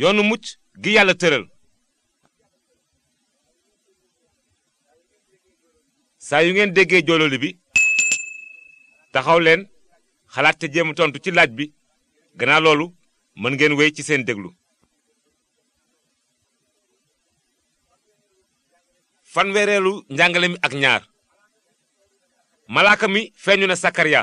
yoonu mucc gi yàlla tëral saa yu ngeen déggee joololi bi taxaw leen xalaat te jéem tontu ci laaj bi gannaaw loolu mën ngeen wéy ci seen déglu fanweereelu njàngale mi ak ñaar malaaka mi feeñu na sakariya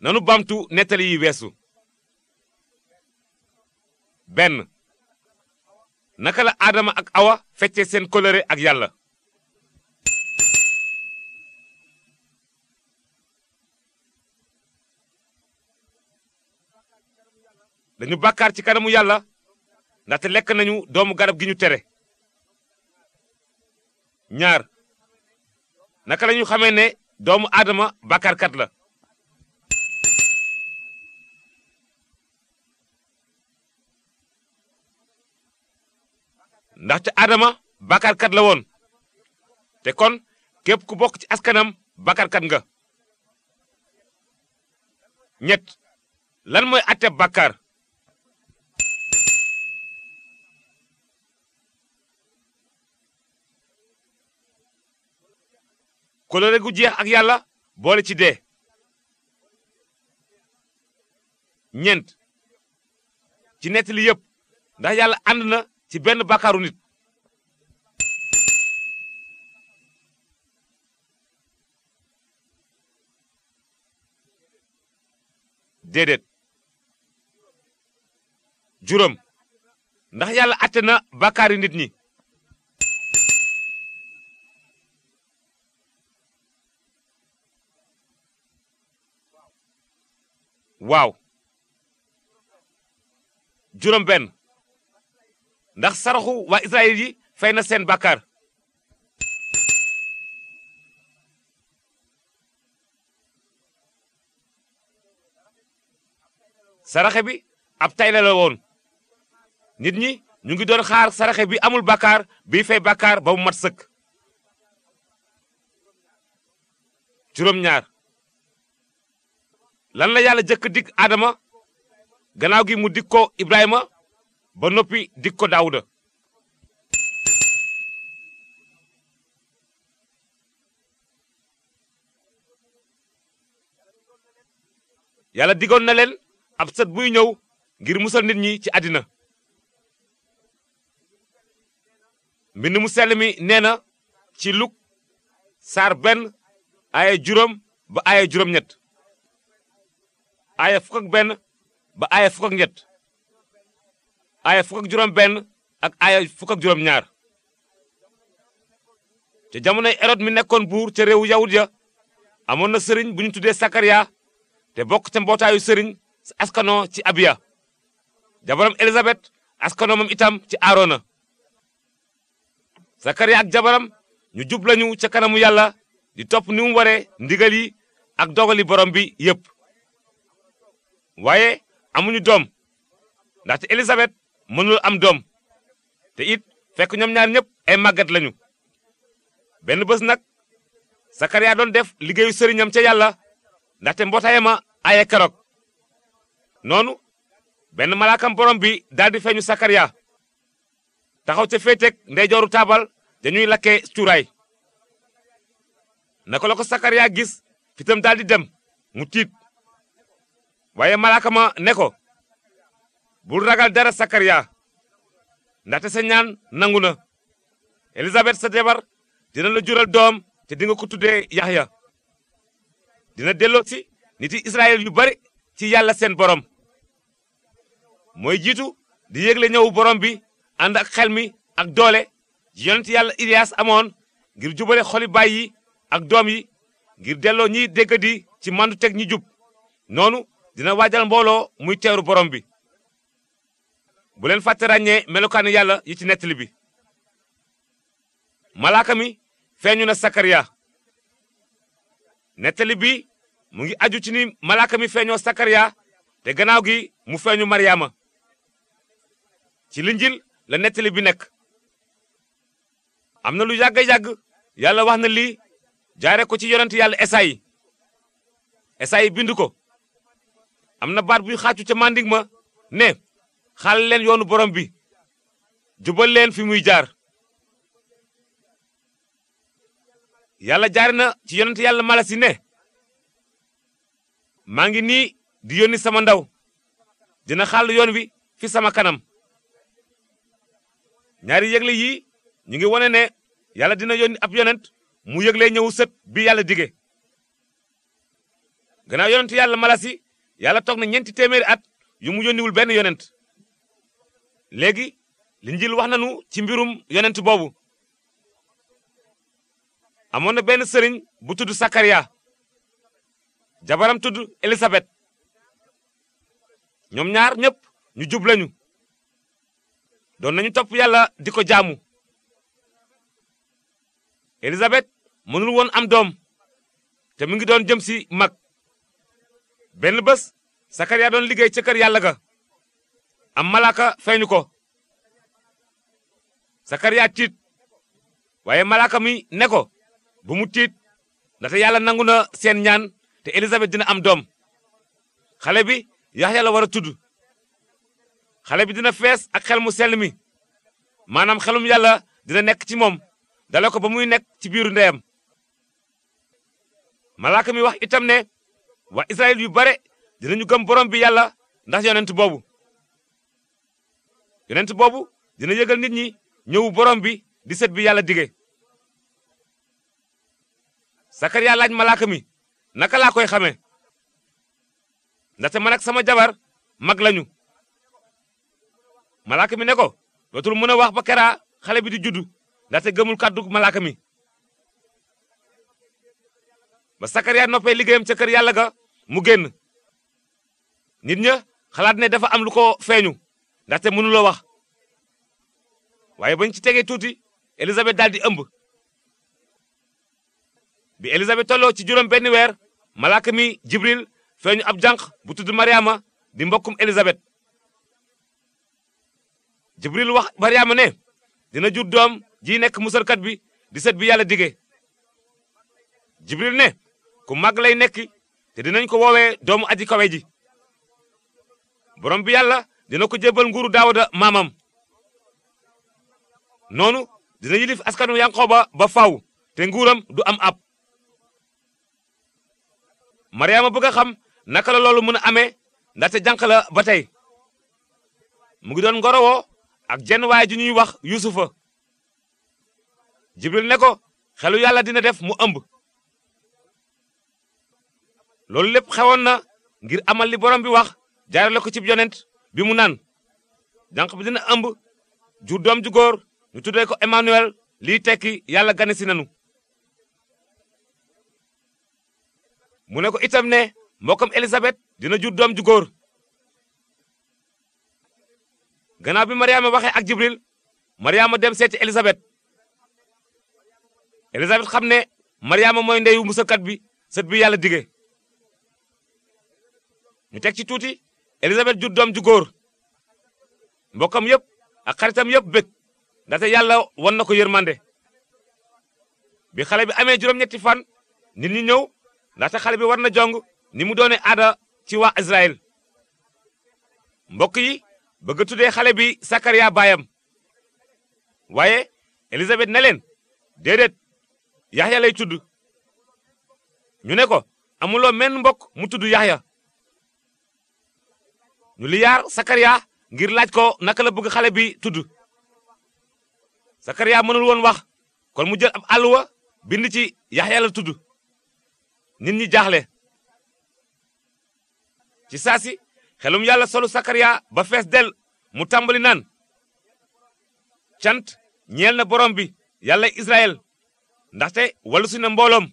nanu bamtu nettali yi weesu benn naka la aadama ak awa fecce seen kóllëre ak yàlla dañu bàkkaar ci kanamu yàlla ndaxte lekk nañu doomu garab gi ñu tere ñaar naka lañu xamee ne doomu aadama bàkkaarkat la ndaxte Adama bàkkaarkat la woon te kon képp ku bokk ci askanam bàkkaarkat nga. ñett lan mooy àtte bàkkaar. kóllëre gu jeex ak yàlla boole ci dee. ñent ci nettali yépp ndax yàlla ànd na ci benn bàkkaaru nit déedéet juróom ndax yàlla àtte na bàkkaari nit ñi waaw juróom benn ndax saraxu waa Israël yi fay na seen bàkkaar saraxe bi ab tayle la woon nit ñi ñu ngi doon xaar saraxe bi amul bàkkaar bi fay bàkkaar ba mu mat sëkk juróom-ñaar lan la yàlla jëkk dig aadama gannaaw gi mu dig ko Ibrahima ba noppi dik ko Daawuda yàlla digoon na leen ab sët buy ñëw ngir musal nit ñi ci àddina mbind mu sell mi nee na ci luk saar benn aaya juróom ba aaya juróom ñett aaya fukk benn ba aaya fukk ñett aaya fukk ak ak aaya ak juróom ñaar ca jamonoy erod mi nekkoon buur ca réewu yawut amoon na sëriñ bu ñu tuddee sakariya te bokk ca mbootaayu sëriñ si askanoo ci abiya jabaram elisabeth askanoo itam ci aarona sakariya ak jabaram ñu jub lañu ca kanamu yàlla di topp ni mu waree ndigal yi ak dogali borom bi yépp waaye amuñu doom ndaxte elisabeth mënul am doom te it fekk ñoom ñaar ñëpp ay màggat lañu benn bés nag sakariya doon def liggéeyu sëriñam ca yàlla ndaxte mbootaayama aye keroog noonu benn malaakam borom bi daldi feeñu sakariya taxaw ca féeteeg ndeyjooru taabal dañuy lakkee cuuraay naka la ko sakariya gis fitam daldi dem mu tiit waaye malaaka ne ko bu ragal dara sakariya ndaxte sa nangu na elisabeth sa dina la jural doom te di nga ko tuddee yaxya dina delloo si niti israel yu bari ci yàlla seen borom mooy jiitu di yégle ñëwu borom bi ànd ak xelmi ak doole ji yàlla iliyaas amoon ngir jubale xoli baay yi ak doom yi ngir delloo ñii déggadi ci màndu teg ñi jub noonu dina waajal mbooloo muy teeru borom bi bu leen fàtte ràññee melokaanu yàlla yi ci nettali bi malaaka feeñu na sakariya nettali bi mu ngi aju ci ni malaaka mi feeñoo sakariya te gannaaw gi mu feeñu maryaama ci linjil la nettali bi nekk am na lu yàgg yàgg yàlla wax na lii jaare ko ci yonent yàlla esayi esayi bind ko am na baat bu xaacu ca manding ma ne xal leen yoonu borom bi jubal leen fi muy jaar yàlla jaari na ci yonent yàlla mala si ne maa ngi nii di yónni sama ndaw dina xàll yoon wi fi sama kanam ñaari yëgle yi ñu ngi wone ne yàlla dina yónni ab yonent mu yëgle ñëw sët bi yàlla dige gannaaw yonent yàlla mala si yàlla toog na ñeenti téeméeri at yu mu yónniwul benn yonent léegi linjiil wax nanu ci mbirum yonent boobu amoon na benn sëriñ bu tudd sakariya jabaram tudd elisabet ñoom ñaar ñëpp ñu jub doon nañu topp yàlla di ko jaamu elisabet mënul woon am doom te mu ngi doon jëm si mag benn bés sakariya doon liggéey ca kër yàlla ga am malaaka feeñu ko sakariya tiit waaye malaaka mi ne ko bu mu tiit ndaxte yàlla nangu na seen ñaan te élisabeth dina am doom xale bi yaxya la war a tudd xale bi dina fees ak xel mu sell mi maanaam xelum yàlla dina nekk ci moom dale ko ba muy nekk ci biiru ndeyam malaaka mi wax itam ne waa israel yu bare dinañu gëm borom bi yàlla ndax yonent boobu yonent boobu dina yëgal nit ñi ñëwu borom bi di set bi yàlla dige sakariya laaj malaaka mi naka laa koy xamee ndaxte man ak sama jabar mag lañu malaaka mi ne ko dootul mën a wax ba keraa xale bi di juddu ndaxte gëmul kàddu malaaka mi ba sakariya noppee liggéeyam ca kër yàlla ga mu génn nit ña xalaat ne dafa am lu ko feeñu ndaxte mënula wax waaye bañ ci tegee tuuti Élisabeth daal di ëmb bi Élisabeth ci juróom benn weer malaaka mi Jibril feeñu ab jànq bu tudd Mariama di mbokkum Élisabeth Jibril wax Mariama ne dina jur doom ji nekk musalkat bi di set bi yàlla dige Jibril ne ku màgg lay nekk te dinañ ko woowee doomu aji kawe ji bi yàlla dina ko jébbal nguuru daawuda maamam noonu dina yilif askanu yanqooba ba faw te nguuram du am ab mariama bëgg a xam naka la loolu mën a amee ndaxte jànq ba tey mu ngi doon ngorowoo ak jenn waay ji ñuy wax yusufa jibril ne ko xelu yàlla dina def mu ëmb loolu lépp xewoon na ngir amal li borom bi wax jaarale ko cib yonent bi mu naan jànq bi dina ëmb jur doom ju góor ñu tuddee ko Emmanuel liy tekki yàlla gane si nanu mu ne ko itam ne mbokkam Elisabeth dina jur doom ju góor gannaaw bi Mariama waxe ak Jibril Mariama dem seeti Elisabeth Elisabeth xam ne Mariama mooy ndeyu musalkat bi set bi yàlla dige ñu teg tuuti élisabeth jur doom ju góor mbokkam yëpp ak xaritam yëpp bég ndaxte yàlla won na ko yërmande bi xale bi amee juróom-ñetti fan nit ñi ñëw ndaxte xale bi war na jong ni mu doone aada ci waa israel mbokk yi bëgg tuddee xale bi sakariya baayam waaye élisabeth ne leen déedéet yaxya lay tudd ñu ne ko amuloo men mbokk mu tudd yaxya ñu liyaar sakariya ngir laaj ko naka la bugg xale bi tudd sakariya mënul woon wax kon mu jël ab àlluwa bind ci yaxya la tudd nit ñi jaaxle ci saasi xelum yàlla solu sakariya ba fees del mu tàmbali naan cant ñeel na borom bi yàlla israel ndaxte wallu si na mbooloom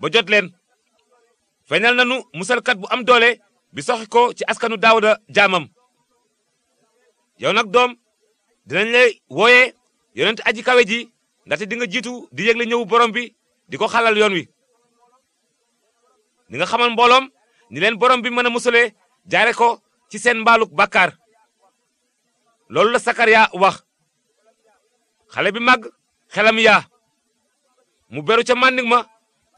ba jot leen feeñal nanu musalkat bu am doole bi soxi ko ci askanu daawuda jaamam yow nag doom dinañ lay wooyee yonent aji kawe ji ndaxte di nga jiitu di yégle ñëw borom bi di ko xalal yoon wi di nga xamal mbooloom ni leen borom bi mën a musalee jaare ko ci seen mbaaluk bàkkaar loolu la sakariya wax xale bi mag xelam yaa mu beru ca màndig ma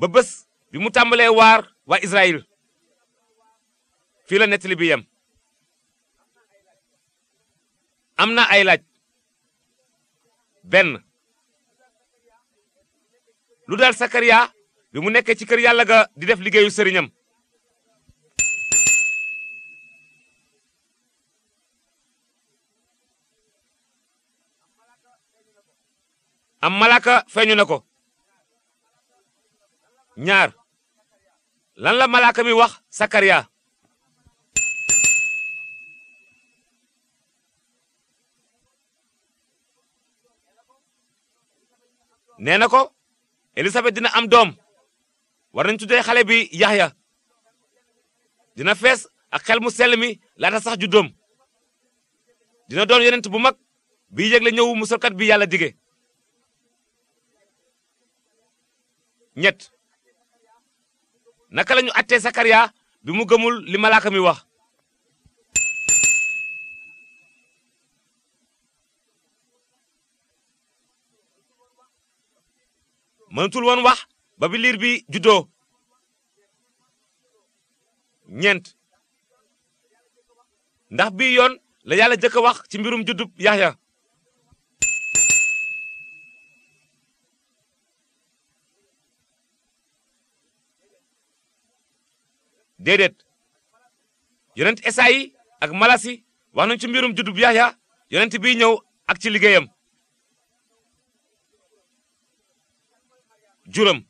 ba bés bi mu tàmbalee waar waa israyil fii la bi yem am na ay laaj benn lu dal sakariya bi mu nekkee ci kër yàlla ga di def liggéeyu sëriñam am malaaka feeñu na ko ñaar lan la malaaka mi wax sakariya nee na ko Elisabeth dina am doom war nañ tuddee xale bi Yaxya dina fees ak xel mu sell mi laata sax juddoom dina doon yonent bu mag bi yëgle mu musalkat bi yàlla dige ñett naka lañu attee Sakariya bi mu gëmul li malaaka mi wax mënatul woon wax ba bi liir bi juddoo ñeent ndax bi yoon la yàlla jëkk a wax ci mbirum juddub yaxya déedéet yonent esaayi ak malasi wax na ci mbirum juddub yaxya yonent bi ñëw ak ci liggéeyam juróom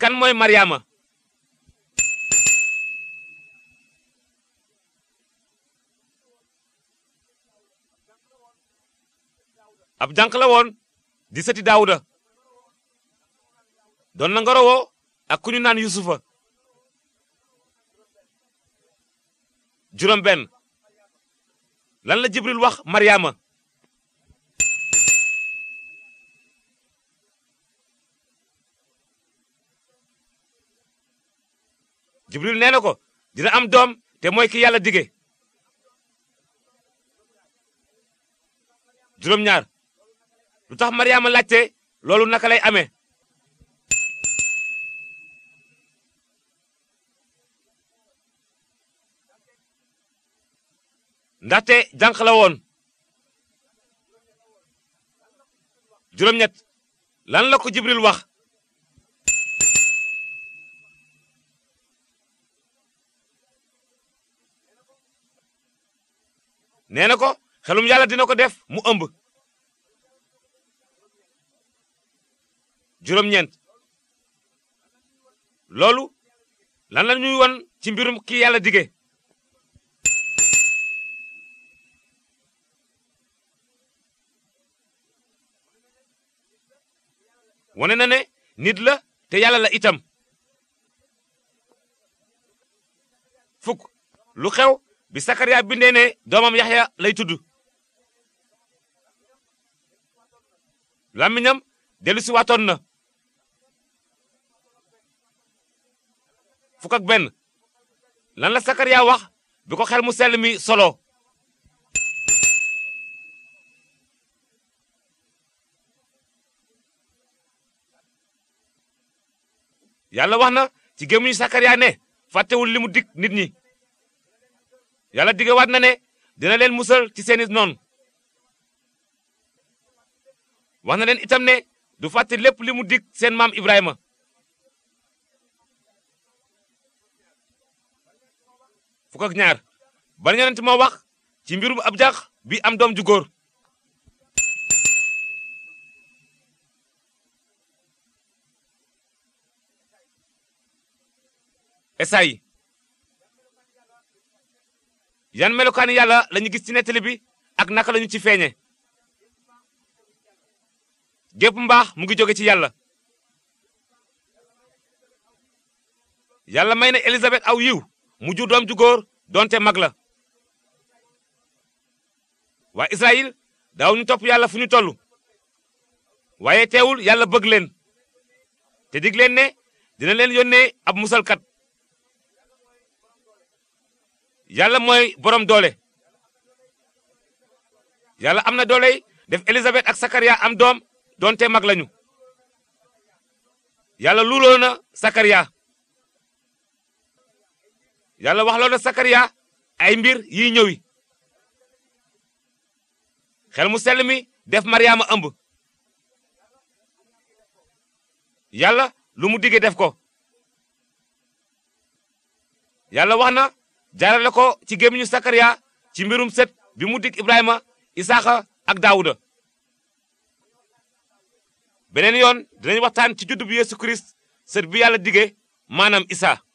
kan mooy Mariama ab jànq la woon di sëti Daawuda doon na ngorowoo ak ku ñu naan Yusufa juróom benn lan la Jibril wax Mariama jibril nee na ko dina am doom te mooy ki yàlla dige juróom-ñaar lu tax mariama laajte loolu naka lay amee ndaxte jànq la woon juróom-ñett lan la ko jibril wax nee na ko xelum yàlla dina ko def mu ëmb juróom-ñeent loolu lan la ñuy won ci mbirum ki yàlla dige wane na ne nit la te yàlla la itam fukk lu xew bi sakariya bindee doomam yaxya lay tudd làmmiñam dellu si waatoon na fukk benn lan la sakariya wax bi ko xel mu sell mi solo yàlla wax na ci gémmiñu sakariya ne fàttewul li mu dig nit ñi yàlla digewaat na ne dina leen musal ci seeni noon wax na leen itam ne du fàtte lépp li mu digg seen maam Ibrahima fukk ak ñaar ban yonent moo wax ci mbirum ab jax bi am doom ju góor Esayi yan melokaani yàlla lañu gis ci nettali bi ak naka lañu ci feeñe gépp mbaax mu ngi jóge ci yàlla yàlla may na Élisabeth aw yiw mu jur doom ju góor donte mag la waa Israël daaw topp yàlla fu ñu toll waaye teewul yàlla bëgg leen te dig leen ne dina leen yónnee ab musalkat yàlla mooy boroom doole yàlla am na doole yi def Élisabeth ak Sakariya am doom donte mag lañu yàlla luuloo na Sakariya yàlla waxloo na Sakariya ay mbir yiy ñëwi xel mu sell mi def Mariama ëmb yàlla lu mu digge def ko yàlla wax na jaarale ko ci gémmiñu sakariya ci mbirum set bi mu digg ibrahima isaaxa ak daawuda beneen yoon dinañ waxtaan ci juddu bi yeesu kirist set bi yàlla dige maanaam isaa